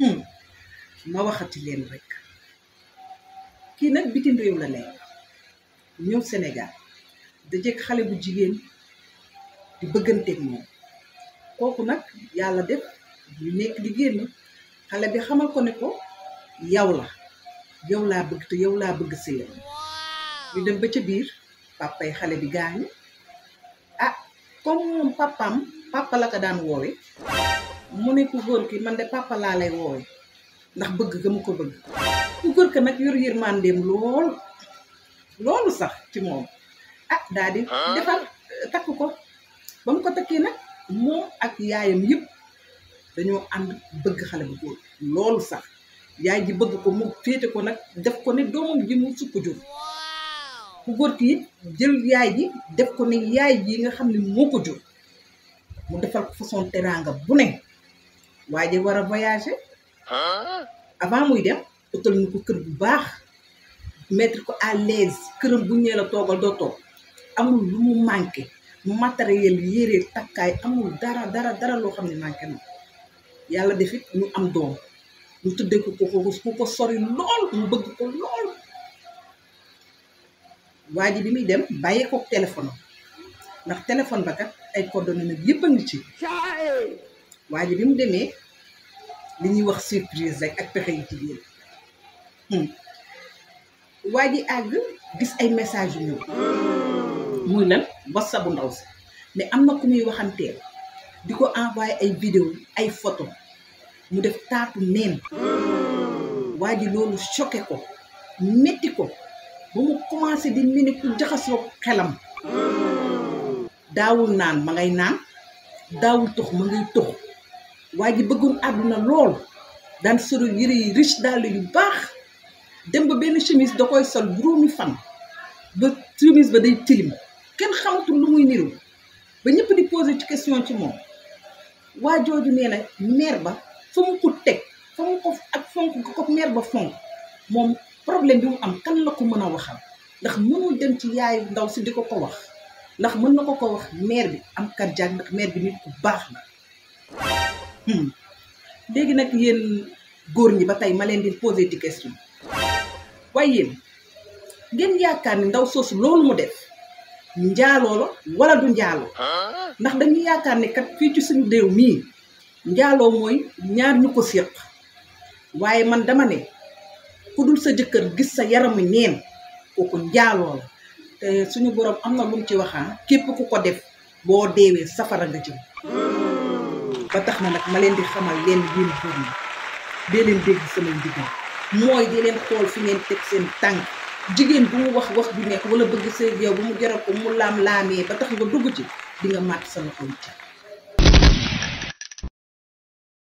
Hmm. ma waxati leen rek kii nag bitim réew la nekk ñëw da jëkk xale bu jigéen di bëgganteeg moom kooku nag yàlla def ñu nekk di génn xale bi xamal ko ne ko yow la yow laa bëgg te yow laa bëgg sëyal ñu dem ba ca biir papay xale bi gaañu ah comme moom papam papa la ko daan woowe mu ne ku góor kii man de papa laa ndax bëgg ga mu ko bëgg ku góor ki nag yor yërmandeem lool loolu sax ci moom ah daa di takk ko ba mu ko takkee nag moom ak yaayam yépp dañoo ànd bëgg xale bu góor loolu sax yaay ji bëgg ko mu féete ko nag def ko ne doomam ji mu sukk jur ku góor ki jël yaay ji def ko ne yaay ji nga xam ne moo ko jur mu defal ko façon teraanga bu ne waa ji war a voyager avant muy dem utal ñu ko kër bu baax mettre ko à l'aise këram bu ñëwee la toogal doo toog amul lu mu manqué matériel yére takkaay amul dara dara dara loo xam ne manqué na yàlla def it am doom ñu tuddee ko ko ko sori lool mu bëgg ko lool waa ji bi muy dem bàyyee ko téléphone ndax téléphone ba kat ay coordonnées nag yëpp a ngi ci waa ji bi mu demee li ñuy wax surprise rek ak pexe yu jigéen hmm. waa ji àgg gis ay message yu ñëw muy lan whatsapp bu ndaw si mais am na ku muy waxanteel di ko envoyé ay vidéo ay photo mu def taatu neen waa ji loolu choqué ko metti ko ba mu commencé di mel ni ku jaxasoo xelam daawul naan ma ngay naan daawul tux ma ngay tux waa ji bëggoon àdduna lool daan solo yëre yi riche dàll yu baax dem ba benn chemise da koy sol juróomi fan ba chemise ba day tilim kenn xamatul lu muy niru ba ñëpp di poser ci question ci moom waa jooju nee na meer ba fa mu ko teg fa mu ko ak fonk ko ko meer ba fonk moom problème bi mu am kan la ko mën a waxal ndax mënul dem ci yaayu ndaw si di ko ko wax ndax mën na ko ko wax meer bi am cardiaque ndax meer bi nit ku baax na Hmm. léegi nag yéen góor ñi ba tey ma leen di poser di question waaye yéen ngeen yaakaar ni ndaw soosu loolu mu def njaaloo la wala du njaaloo ndax dañuy yaakaar ni kat fii ci suñu réew mii njaaloo mooy ñaar ñu ko séq waaye man dama ne ku dul sa jëkkër gis sa yaramu neen kooku njaaloo la te suñu borom am na lu mu ci waxaa ah, képp ku ko def boo deewee safara nga jëm ba tax na nag ma leen di xamal leen yéen góor ñi dee leen dégg samay ndigal mooy di leen xool fi ngeen teg seen tànk jigéen bu mu wax wax bi nekk wala bëgg sëy yow bu mu jaral ko mu laam-laamee ba tax nga dugg ci di nga màtt sa loxo ca